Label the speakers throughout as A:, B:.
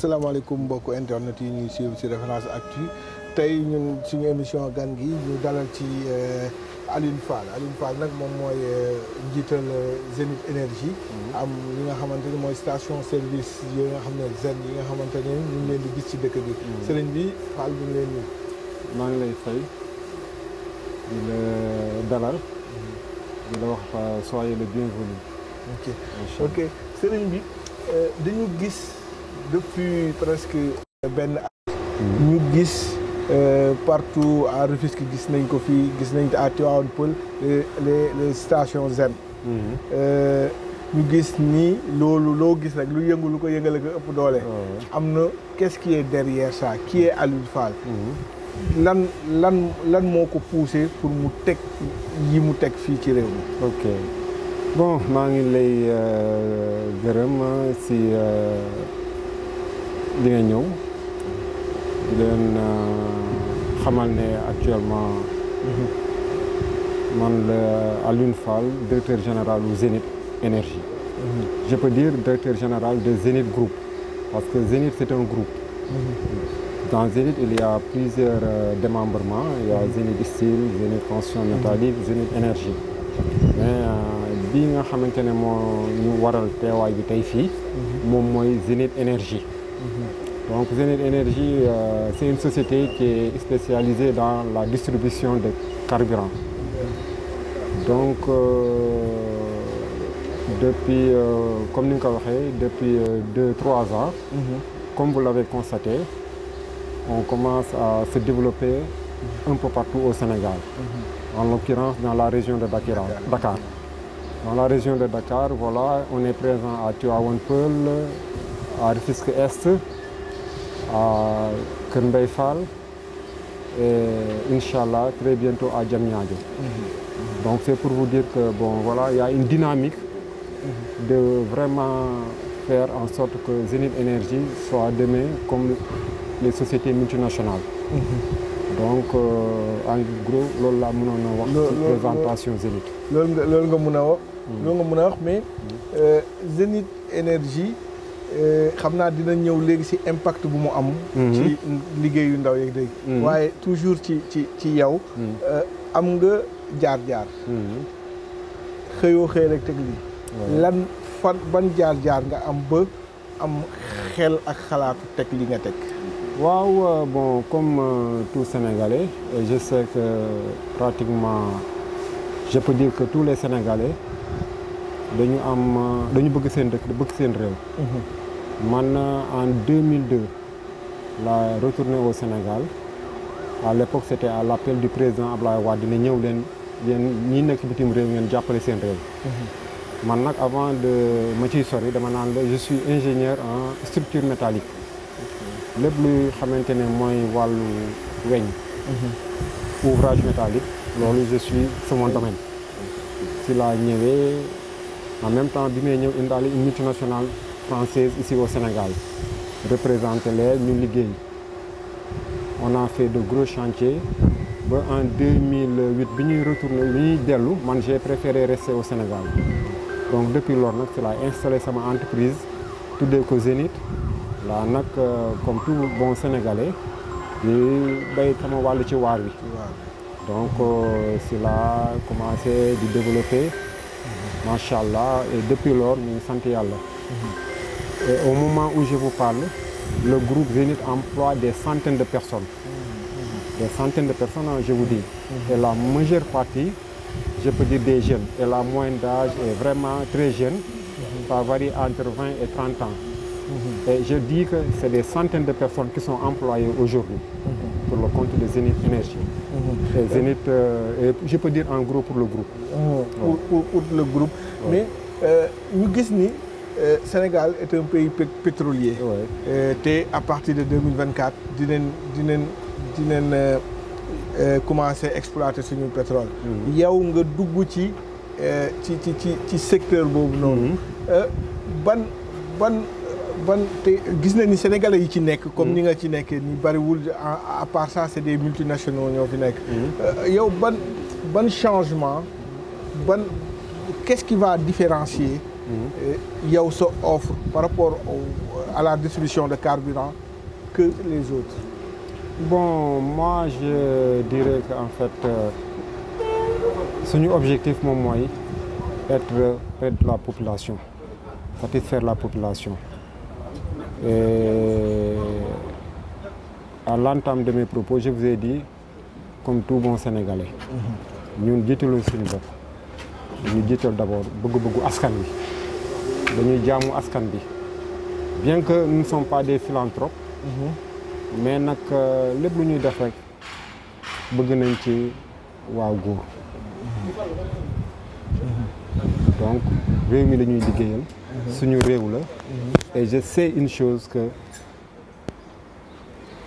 A: asalaamaaleykum mbokku internet yi ñuy suivre ci référence actu tey ñun suñu émission gan gi ñu dalal ci euh, Alioune Fall Alioune Fall nag moom mooy euh, njiital euh, Zénith Énergie. Mhm. am li nga xamante ni mooy station service yooyu nga xam ne zen yi nga xamante ne ñu leen di gis ci dëkk bi. Mhm. sëriñ bi fal ñu ngi leen di.
B: maa ngi lay fay di la dalal. Mhm. di la wax soyez le bienvenu. ok ok
A: sëriñ bi dañu gis. depuis presque benn at ñu gis euh, partout à Rufisque gis nañ ko fii gis nañ à Tivaouane Peulh les les stations zen mhm. euh, ñu gis ni loolu loo gis rek lu yëngu lu ko yëngale ko ëpp doole ah am na qu'est-ce qui est derrière ça qui est Aliou Fall mhm. lan lan lan moo ko poussé pour mu teg yi mu teg fii ci réew
B: mi ok maa ngi lay euh, gërëm si dina ñëw leen euh, xamal ne actuellement mhm. man la Alioune directeur général du Zénith Énergie mhm. je peux dire directeur général de Zénith Group parce que Zénith c'est un groupe mhm. dans Zénith il y a plusieurs euh, démembrements il y a Zénith Steel Zénith Construction Métallique Zénith Énergie mais euh, bi nga xamante ne moo ñu waral teewaay bi tey fii moom mooy Zénith Énergie Donc Zenith Energy, euh, c'est une société qui est spécialisée dans la distribution de carburant. Donc, euh, depuis, euh, comme nous depuis 2-3 euh, ans, mm -hmm. comme vous l'avez constaté, on commence à se développer un peu partout au Sénégal. Mm -hmm. En l'occurrence, dans la région de Bakira, Dakar. Dans la région de Dakar, voilà, on est présent à Tuawanpeul, à Rufisque Est, à Kër Mbaye Fall et eh, Inch'Allah très bientôt à Diamniadio. Mhm. Donc c'est pour vous dire que bon voilà, il une dynamique mhm. de vraiment faire en sorte que Zenith Energy soit demain comme les sociétés multinationales. Mhm. donc euh, en gros loolu laa mënoon a wax. ci présentation Zenith. loolu
A: nga loolu mën a wax. loolu nga mën a wax mais euh, Zenith Énergie. Euh, xam naa dina ñëw léegi ci impact bu mu am mhm. ci liggéeyu ndaw yeeg dégg mhm. waaye toujours ci ci ci yow mhm. euh, am nga jaar-jaar xëyoo xëy rek teg lii lan fan ban jaar-jaar nga am ba am xel ak xalaatu teg li nga teg
B: waaw euh, bon comme tout Sénégalais je sais que pratiquement je peux dire que tous les Sénégalais dañu am dañu bëgg seen dëkk bëgg seen réew. Mhm. man en 2002 la retourné au Sénégal à l'époque c'était à l'appel du président Ablaye Wade dina ñëw leen yéen ñi nekk bitim réew ngeen jàppale seen réew. Mhm. man nag avant de ma ciy sori dama naan la je suis ingénieur en structure métallique lépp luy xamante ne mooy wàllu weñ
C: mhm.
B: ouvrage métallique loolu je suis sama domaine si laa ñëwee en même temps bi may ñëw indaal une multinationale française ici au Sénégal représenté les ñu liggéey on a fait de gros chantiers ba en bi ñuy retourné bi ñuy dellu man j'ai préféré rester au Sénégal donc depuis lors nag ci laa installé sama entreprise tuddee ko Zénith la nag euh, comme tout bon sénégalais di bay tama wàllu ci waar wi donc euh, ci laa commencé di développer macha allah et depuis lors ñu ngi sant yàlla. et au moment où je vous parle le groupe Zénith emploie des centaines de personnes. des centaines de personnes je vous dis. et la majeure partie je peux dire des jeunes et la moyenne d'âge est vraiment très jeune. ça varie entre 20 et 30 ans. Et je dis que c'est des centaines de personnes qui sont employées aujourd'hui pour le compte de Zénith Énergie. Mmh. Zénith, euh, je peux dire en gros pour le groupe. Mmh. Ouais. Pour,
A: pour, pour, le groupe. Ouais. Mais nous euh, disons euh, Sénégal est un pays pétrolier. Ouais. Et euh, à partir de 2024, nous allons commencer à exploiter ce pétrole. Mmh. Il y ci ci ci secteur. Mm-hmm. Euh, ban, ban, ban te gis nañ ni sénégalais yi ci nekk. comme ni mm. nga ci nekkee ni bariwul à part ça c'est des multinationaux ñoo fi nekk. Mm. yow ban ban changement ban qu'est-ce qui va différencier. Mm. Euh, yow sa offre par rapport
B: à la distribution de carburant que les autres. bon moi je dirais que en fait euh, suñu objectif moom mooy être la population satisfaire la population. Et à l'entame de mes propos, je vous ai comme tout bon Sénégalais, ñun jiitaluñ suñu bopp ñu jiital d'abord bëgg-bëggu askan bi dañuy jaamu askan bi bien que nous ne pas des philanthropes mais nag euh, lépp lu ñuy def rek bëgg nañ ci waa góor donc réew mi la ñuy liggéeyal suñu réew la e je sais une chose que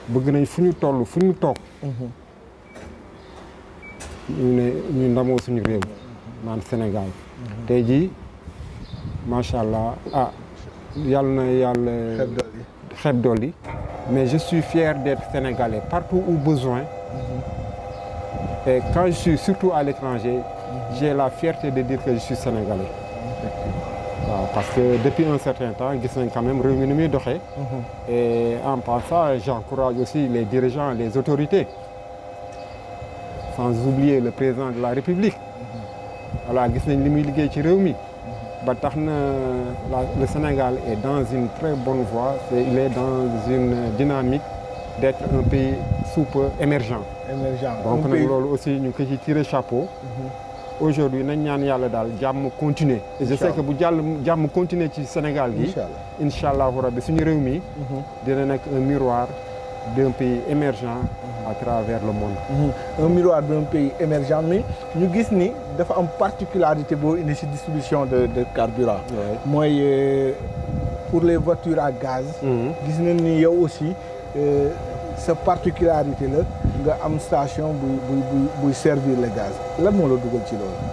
B: bëgg nañ fu ñu toll fu ñu toog. ñu ne ñu suñu réew. naan Sénégal. tey jii macha allah ah yàlla na yàlla. xeeb dool yi mais je suis fier d'être sénégalais partout où besoin. et quand je suis surtout à l'étranger j'ai la fierté de dire que je suis sénégalais. waaw parce que depuis un certain temps gis nañ quand même mi ni muy doxee. Mhm. et en passant j'encourage aussi les dirigeants les autorités sans oublier le président de la République. Mhm. voilà gis nañ li muy liggéey ci réew mi. Mhm. ba tax na le Sénégal est dans une très bonne voie il est dans une dynamique d'être un pays sous peu émergent. émergent donc nag loolu aussi ñu ngi chapeau. aujourd'hui nañ ñaan yàlla daal jàmm continuer et je sais bu jàll jàmm continuer ci Sénégal gi incha allahu rabbi suñu réew mi mhm. dina nekk un miroir d'un pays émergent mhm. à travers le monde
A: mhm. un miroir d'un pays émergent mais ñu gis ni dafa am particularité boo indi si distribution de de carburant mooy euh, pour les voitures à gaz gis nañ ni yow aussi euh, sa particularité la nga am station buy buy buy servir le gaz lan moo la ci loolu.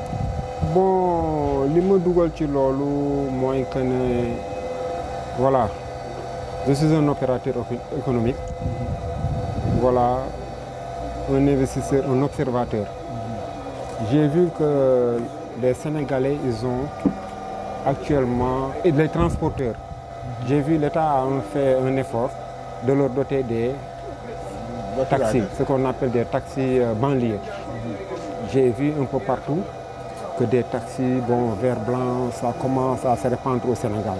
B: bon li ma dugal ci loolu mooy que ne voilà je suis un opérateur économique. voilà un investisseur un observateur. Mm-hmm. j'ai vu que les Sénégalais ils actuellement et les transporteurs. Mm-hmm. j'ai vu l'État a fait un effort de leur doter des taxis, ce qu'on appelle des taxis euh, banlieues. J'ai vu un peu partout que des taxis, bon, vert blanc, ça commence à se répandre au Sénégal.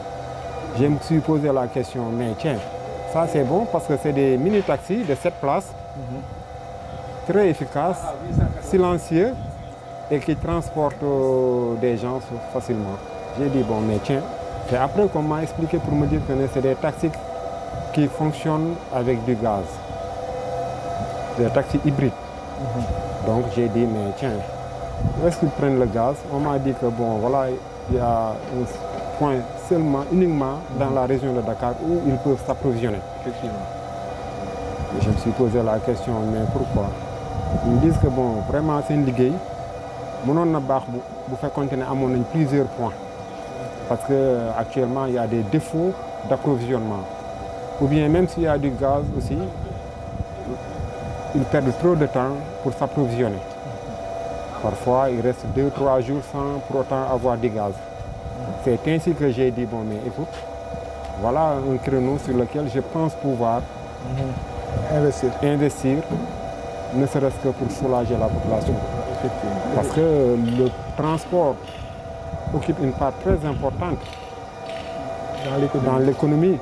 B: Je me suis posé la question, mais tiens, ça c'est bon parce que c'est des mini-taxis de 7 places, très efficaces, silencieux et qui transportent euh, des gens facilement. J'ai dit, bon, mais tiens, et après qu'on m'a expliqué pour me dire que c'est des taxis qui fonctionnent avec du gaz. des taxis hybrides. Mhm. Donc j'ai dit, mais tiens, est-ce qu'ils prennent le gaz On m'a dit que bon, voilà, il y un point seulement, uniquement dans la région de Dakar où ils peuvent s'approvisionner. Je me suis posé la question, mais pourquoi Ils me que bon, vraiment, c'est une ligue. mënoon na baax bu bu fekkonte ne amoon nañ plusieurs points parce que actuellement il y des défauts d'approvisionnement ou bien même s'il y a du gaz aussi ils perdent trop de temps pour s'approvisionner. Parfois, ils restent deux, trois jours sans pour autant avoir du gaz. C'est ainsi que j'ai dit, bon, mais écoute, voilà un créneau sur lequel je pense pouvoir
C: mmh.
B: investir. investir, ne serait-ce que pour soulager la population. Parce que le transport occupe une part très importante dans l'économie.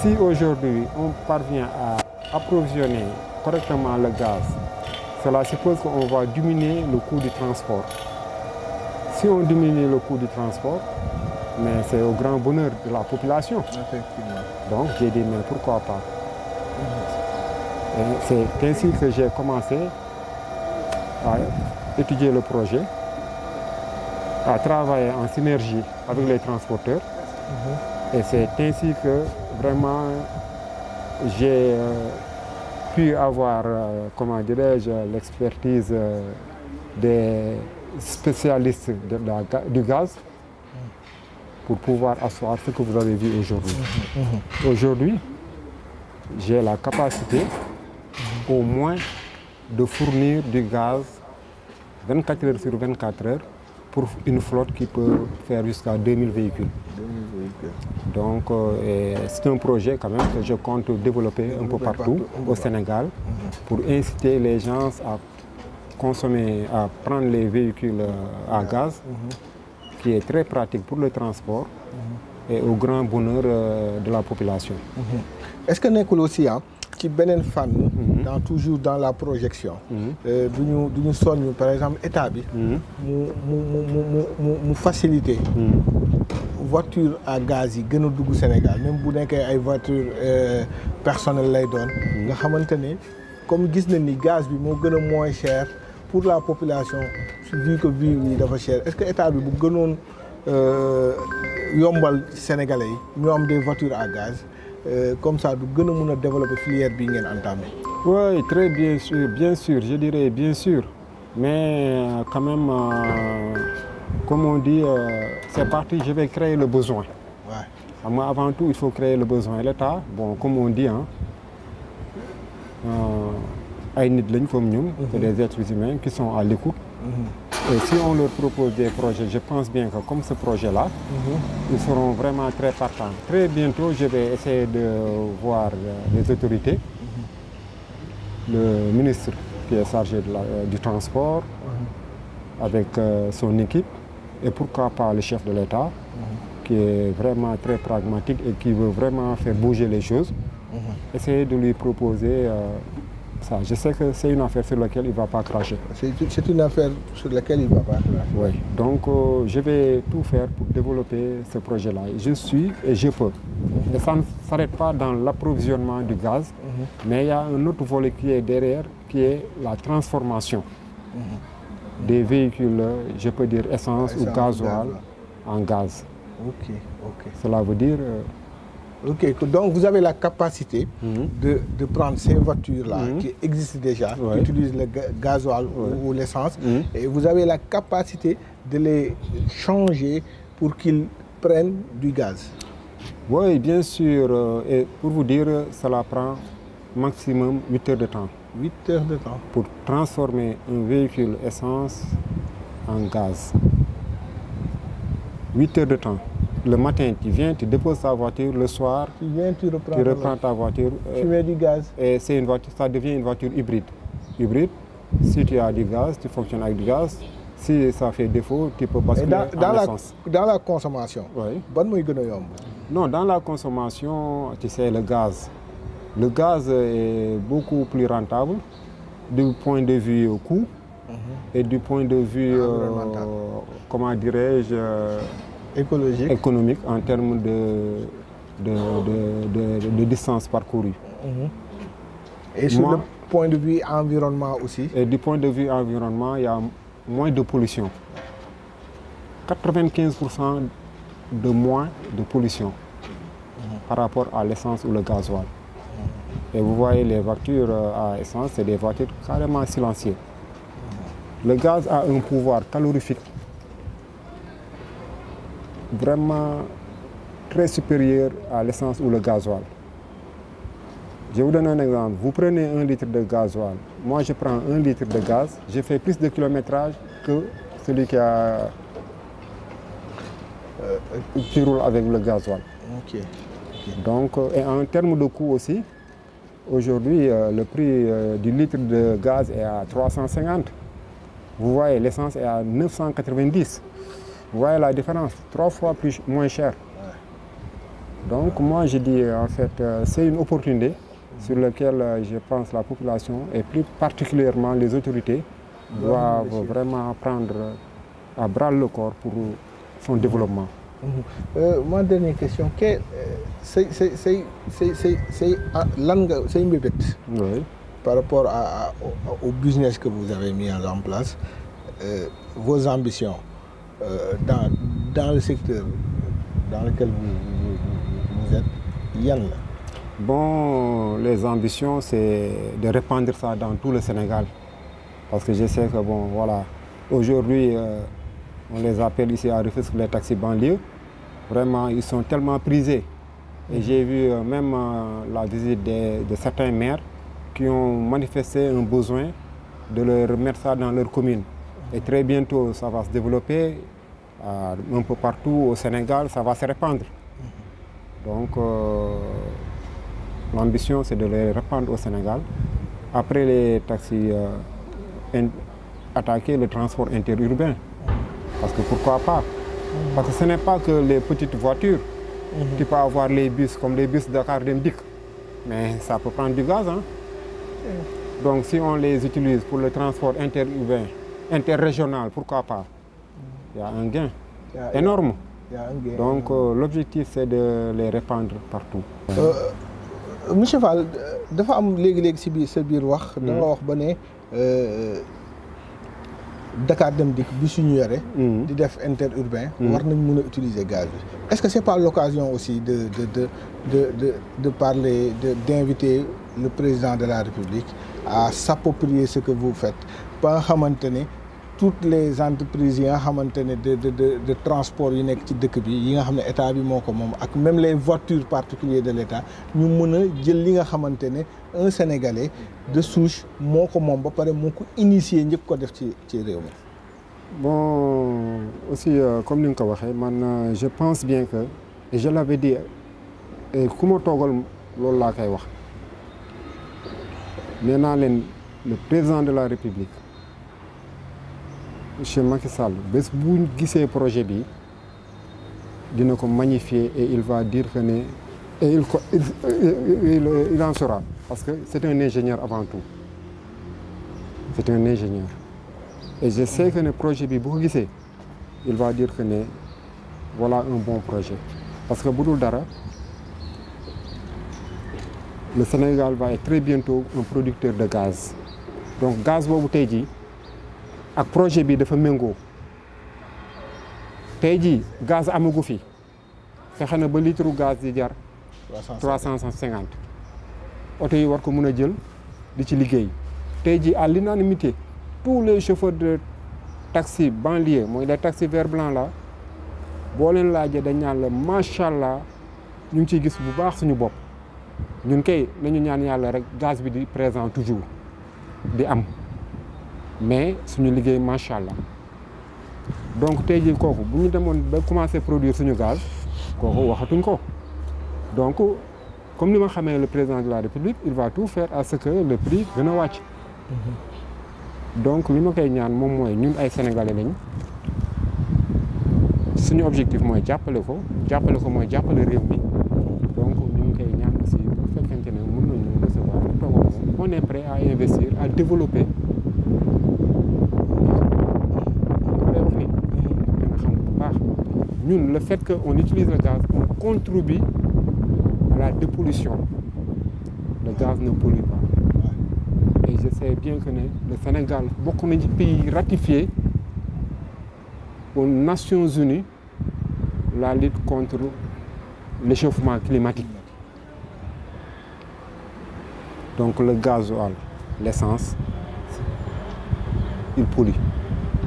B: Si aujourd'hui on parvient à approvisionner correctement le gaz, cela suppose qu'on va diminuer le coût du transport. Si on diminue le coût du transport, mais c'est au grand bonheur de la population. Donc j'ai dit, mais pourquoi pas C'est ainsi que j'ai commencé à étudier le projet, à travailler en synergie avec les transporteurs. Et c'est ainsi que vraiment j'ai euh, pu avoir, euh, comment dirais-je, l'expertise euh, des spécialistes de la, du gaz pour pouvoir asseoir ce que vous avez vu aujourd'hui. Mmh, mmh. Aujourd'hui, j'ai la capacité au moins de fournir du gaz 24 heures sur 24 heures pour une flotte qui peut faire jusqu'à 2000 véhicules. 2000 véhicules. Donc euh, c'est un projet quand même que je compte développer un peu partout, au Sénégal mhm. pour inciter les gens à consommer, à prendre les véhicules euh, à gaz mhm. qui est très pratique pour le transport mhm. et au grand bonheur euh, de la population.
A: Est-ce que nekkul aussi ah, ci beneen fànn dans toujours dans la projection. Mm-hmm. Euh, du ñu du ñu par exemple état bi. Mm-hmm. mu mu mu mu mu faciliter. Mm-hmm. voiture à gaz yi gën a dugg Sénégal même bu nekkee ay voiture euh, personnel lay doon. nga xamante ne comme gis na ni gaz bi moo gën a moins cher pour la population vu que vie bi dafa cher est-ce que état bi bu gënoon euh, yombal Sénégalais yi ñu am des voitures à gaz comme ça du gën a mun a développer filière bi ngeen entamé.
B: Oui, très bien sûr, bien sûr, je dirais bien sûr. Mais euh, quand même, euh, comme on dit, euh, c'est parti, je vais créer le besoin. Ouais. Ah, moi, avant tout, il faut créer le besoin. L'État, bon, comme on dit, hein, euh, mhm. c'est des êtres humains qui sont à l'écoute. Mm -hmm. Et si on leur propose des projets, je pense bien que comme ce projet-là, mm -hmm. ils seront vraiment très partants. Très bientôt, je vais essayer de voir euh, les autorités. le ministre qui est chargé de la, euh, du transport, euh, avec euh, son équipe, et pourquoi pas le chef de l'État, qui est vraiment très pragmatique et qui veut vraiment faire bouger les choses. Mhm. Essayer de lui proposer Ça, je sais que c'est une affaire sur laquelle il ne va pas cracher. C'est une affaire sur laquelle il ne va pas cracher. Oui, donc euh, je vais tout faire pour développer ce projet-là. Je suis et je peux. Et ça ne s'arrête pas dans l'approvisionnement du gaz, mm -hmm. mais il y a un autre volet qui est derrière, qui est la transformation
C: mm -hmm.
B: des véhicules, je peux dire essence, essence ou gasoil, en gaz. Ok, ok. Cela veut dire... Euh,
A: Ok, donc vous avez la capacité mhm. de, de, prendre ces voitures-là mm -hmm. qui existent déjà, qui utilisent le gasoil ou, l'essence, mhm. et vous avez la capacité de les changer pour qu'ils prennent du gaz.
B: Oui, bien sûr. Euh, et pour vous dire, cela prend maximum 8 heures de temps. 8 de temps. Pour transformer un véhicule essence en gaz. 8 heures de temps. le matin, tu viens, tu déposes ta voiture, le soir,
A: tu, viens, tu reprends, tu reprends
B: ta voiture. Tu euh, mets du gaz. Et c'est une voiture, ça devient une voiture hybride. Hybride, si tu as du gaz, tu fonctionnes avec du gaz. Si ça fait défaut, tu peux basculer dans, dans en la, essence.
A: Dans la consommation, oui. bonne
B: Non, dans la consommation, tu sais, le gaz. Le gaz est beaucoup plus rentable du point de vue euh, coût mm -hmm. et du point de vue, euh, comment dirais-je, euh, écologique économique en termes de de de de, de distance parcourue. et sur Moi, point de vue environnement aussi. du point de vue environnement il a moins de pollution. 95 pour cent de moins de pollution par rapport à l'essence ou le gasoil. Et vous les voitures euh, à essence, c'est des voitures carrément silencieuses. Le gaz a un pouvoir vraiment très supérieur à l'essence ou le gasoil. Je vous donne un litre de gasoil. Moi, je prends un litre de gaz. J'ai fait plus de que celui qui, a, euh, avec le gasoil. Donc, euh, et en termes de coût aussi, aujourd'hui, euh, le prix du litre de gaz est à 350. Vous voyez, l'essence est à 990. Vous voyez la différence, trois fois plus, moins cher. Donc moi je dis en fait euh, c'est une opportunité sur laquelle euh, je pense la population et plus particulièrement les autorités doivent vraiment prendre euh, à bras le corps pour son développement.
A: Mmh. Euh, ma dernière question que say say say say say say lan nga say mbébét par rapport à, à, au business que vous avez mis en place euh, vos ambitions Euh, dans dans le secteur dans lequel vous, vous, vous êtes
B: yan la. bon les ambitions c'est de répandre ça dans tout le Sénégal parce que je sais que bon voilà aujourd'hui euh, on les appelle ici à Rufisque les taxis banlieue vraiment ils sont tellement prisés et mm-hmm. j'ai vu euh, même euh, la visite de, de certains maires qui ont manifesté un besoin de leur mettre ça dans leur commune Et très bientôt, ça va se développer euh, un peu partout au Sénégal, ça va se répandre. Donc, euh, l'ambition, c'est de les répandre au Sénégal. Après les taxis, euh, in, attaquer le transport interurbain. Parce que pourquoi pas Parce que ce n'est pas que les petites voitures. Mm -hmm. avoir les bus, comme les bus Dakar Demdik. Mais ça peut prendre du gaz. Donc si on les utilise pour le transport interurbain, interrégional, pourquoi pas Il y a un gain a, énorme. Il y Donc euh, l'objectif, c'est de les répandre partout. Euh, monsieur Fall dafa am léegi-léegi si biir sa biir wax.
A: Mm. da nga wax ba ne euh, Dakar Dem Dikk bi suñu yore. Mm. di def interurbain. Mm. war nañ mën a utiliser gaz bi est-ce que c'est pas l'occasion aussi de de de de de de parler de d'inviter le président de la République à s'approprier ce que vous faites ba nga xamante ne. toutes les entreprises yi nga xamante ne de de de transport yu nekk ci dëkk bi yi nga xam ne état bi moo ko moom ak même les voitures particulières de l'état ñu mën a jël li nga xamante ne un sénégalais de souche moo ko moom ba pare mu ko
B: initier ñëpp ko def ci ci réew mi. bon aussi euh, comme ni nga ko waxee man euh, je pense bien que je l'avais dit ku ma toogal loolu laa koy wax nee naa leen le président de la république. monsieur Macky Sall bés bu gisee projet bi dina ko magnifier et il va dire que ne et il ko il en sera parce que c'est un ingénieur avant tout c'est un ingénieur et je sais que ne projet bi bu ko gisee il va dire que ne voilà un bon projet parce que bu dul dara le Sénégal va être très bientôt un producteur de gaz donc gaz boobu tey ak projet bi dafa méngoo tey jii gaz amagu fi fexe na ba litre gaz di jar. trois cent cinquante oto yi war ko mën a jël di ci liggéey tey jii à l'unanimité tous les chauffeurs de taxi banlieue mooy les taxis vert blanc la boo leen laajee dañ ñaan la macha allah ñu ngi ciy gis bu baax suñu bopp ñun kay nañu ñaan yàlla rek gaz bi di présent toujours di am. mais suñu liggéey macha allah donc tey jii kooku bu ñu demoon ba commencé produire suñu gaz kooku waxatuñ ko donc comme ni ma xamee le président de la république il va tout faire à ce que le prix gën a wàcc. Mhm. donc li ma koy ñaan moom mooy ñun ay sénégalais lañ suñu objectif mooy jàppale ko jàppale ko mooy jàppale réew mi donc ñu ngi koy ñaan aussi bu fekkente ne mën nañu recevoir toogoon on est prêt à investir à développer. ñun le fait qu'on utilise le gaz on contribue à la dépollution le gaz ne pollue pas et je sais bien que ne le Sénégal bokk na ci pays ratifié aux Nations Unies la lutte contre l'échauffement climatique donc le gasoil l'essence il pollue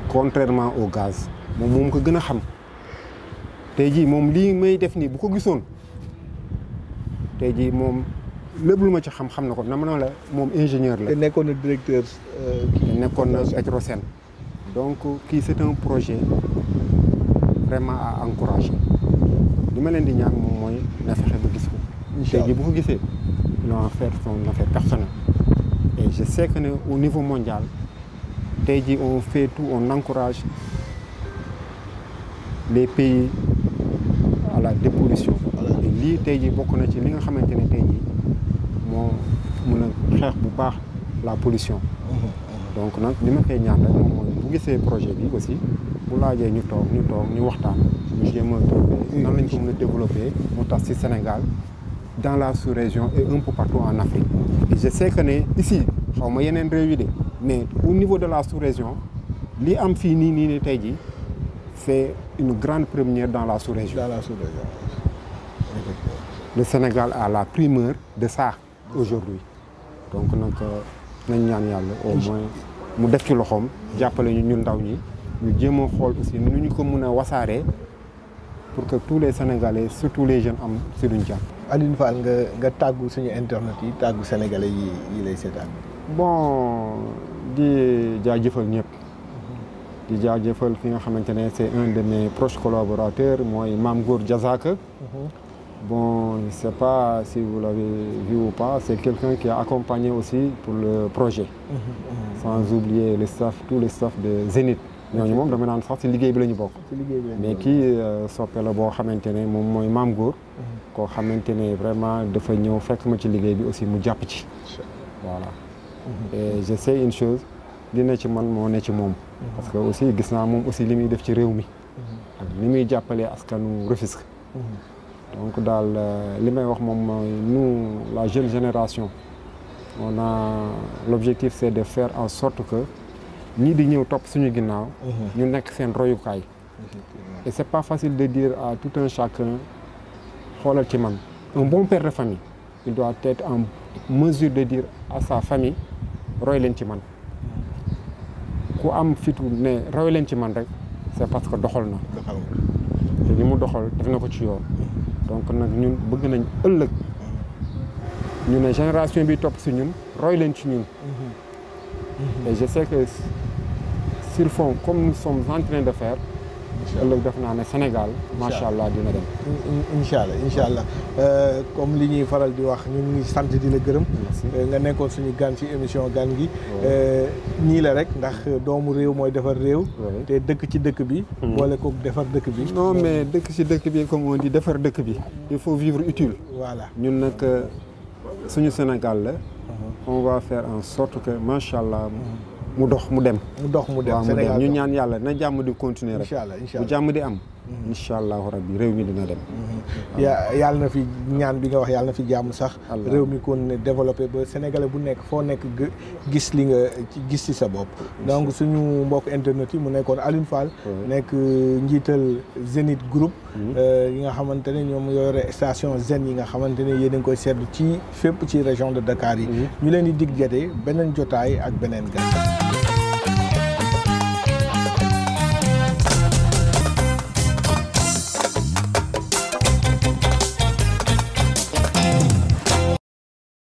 B: contrairement au gaz moom moom ko gën a xam tey jii moom lii may def nii bu ko gisoon tey jii moom lépp lu ma ci xam xam na ko na ma la moom ingénieur la. te nekkoon na directeur. Euh, nekkoon na Petrosen donc kii c'est un projet vraiment à encourager li ma leen di ñaan moom mooy na fexe ba gis ko. incha allah bu ko gisee il va en faire son affaire personnelle. je sais ne au niveau mondial tey jii on fait tout on encourage les pays. la dépollution te lii tey jii bokk na ci li nga xamante ne tey jii moo mun a xeex bu baax la pollution mhm, donc nag li ma koy ñaan rek moom mooy bu gisee projet bi aussi bu laajee ñu toog ñu toog ñu waxtaan ñu jéem a mhm. lañ ko mën a développer mu tax ci Sénégal dans la sous-région et un peu partout en Afrique je sais que ne ici xaw ma yeneen réew yi de mais au niveau de la sous-région li am fii nii nii ne tey jii c'est une grande première dans la sous-région. la sous-région. Okay. Le Sénégal a la primeur de ça aujourd'hui. Donc nag euh, nañ ñaan yàlla au moins mu def ci loxoom jàppale ñu ñun ndaw ñi ñu jéem a xool aussi nu ñu ko mën a wasaaree pour que tous les Sénégalais surtout les jeunes am si duñ jàpp.
A: Aline fa nga nga tàggu suñu internet yi tàggu sénégalais yi yi lay seetaan.
B: bon di jaajëfal ñëpp. di jaajëfal ki nga xamante ne c' est un de mes proches collaborateurs mooy Mame Gour Diazaka. Mhm. bon je ne sais pas si vous l'avez vu ou pas c' quelqu'un qui a accompagné aussi pour le projet.
C: Mhm.
B: sans oublier le staff tout le staff de Zénith. ñooñu moom dama naan sax ci liggéey bi la ñu bokk. mais kii euh, soppe boo xamante ne moom mooy Mame Gour. Mhm. koo xamante ne vraiment dafa ñëw fekk ma ci liggéey bi aussi mu jàpp ci. voilà et je une chose dina ci man moo ne ci moom. parce que aussi gis naa moom aussi li muy def ci réew mi. ak ni muy jàppalee askanu Rufisque. donc daal euh, li may wax moom mooy la jeune génération on a l'objectif c'est de faire en sorte que ñii di ñëw topp suñu ginnaaw. Mhm. ñu nekk seen royukaay. et c'est pas facile de dire à tout un chacun xoolal ci man un bon père de famille il doit être en mesure de dire à sa famille roy leen ci man. Mhm. ku am fitu ne rawe leen ci man rek c'est parce que doxal na te li mu doxal def na ko ci yoon donc nag ñun bëgg nañ ëllëg ñu ne génération bi topp si ñun roy leen ci ñun mhm. et je sais que sur fond comme nous sommes de faire ëllëg def naa ne Sénégal macha allah dina dem incha allah incha allah
A: euh, comme li ñuy faral di wax ñu ngi sant di la gërëm euh, nga nekkoon suñu gan ci émission gan gi ñii euh, la rek ndax doomu réew mooy defar réew te dëkk ci dëkk bi hmm. boole
B: ko defar dëkk bi non mais dëkk ci dëkk bi comme on dit defar dëkk bi il faut vivre utile voilà ñun nag suñu Sénégal la uh-huh. on va faire en sorte que macha allah uh-huh. mu dox mu dem.
A: mu dox mu dem Sénégal ñu
B: ñaan yàlla na jàmm di continuer rek. incha allah incha bu jàmm di am. Mm-hmm. incha allahu rabbi réew mi dina dem. Mm-hmm. yàlla na fi
A: ñaan bi nga wax yàlla na fi jàmm sax. réew mi kon ne ba sénégalais bu nekk foo nekk gis li nga gis ci sa bopp. donc suñu mbokk internet yi mu nekkoon Alioune Fall. nekk euh, njiital Zenith Group. Mm-hmm. Euh, yi nga xamante ne ñoom yore station Zen yi nga xamante ne yéen a koy sedd ci fépp ci région de Dakar yi. ñu leen di dig beneen jotaay ak beneen gan.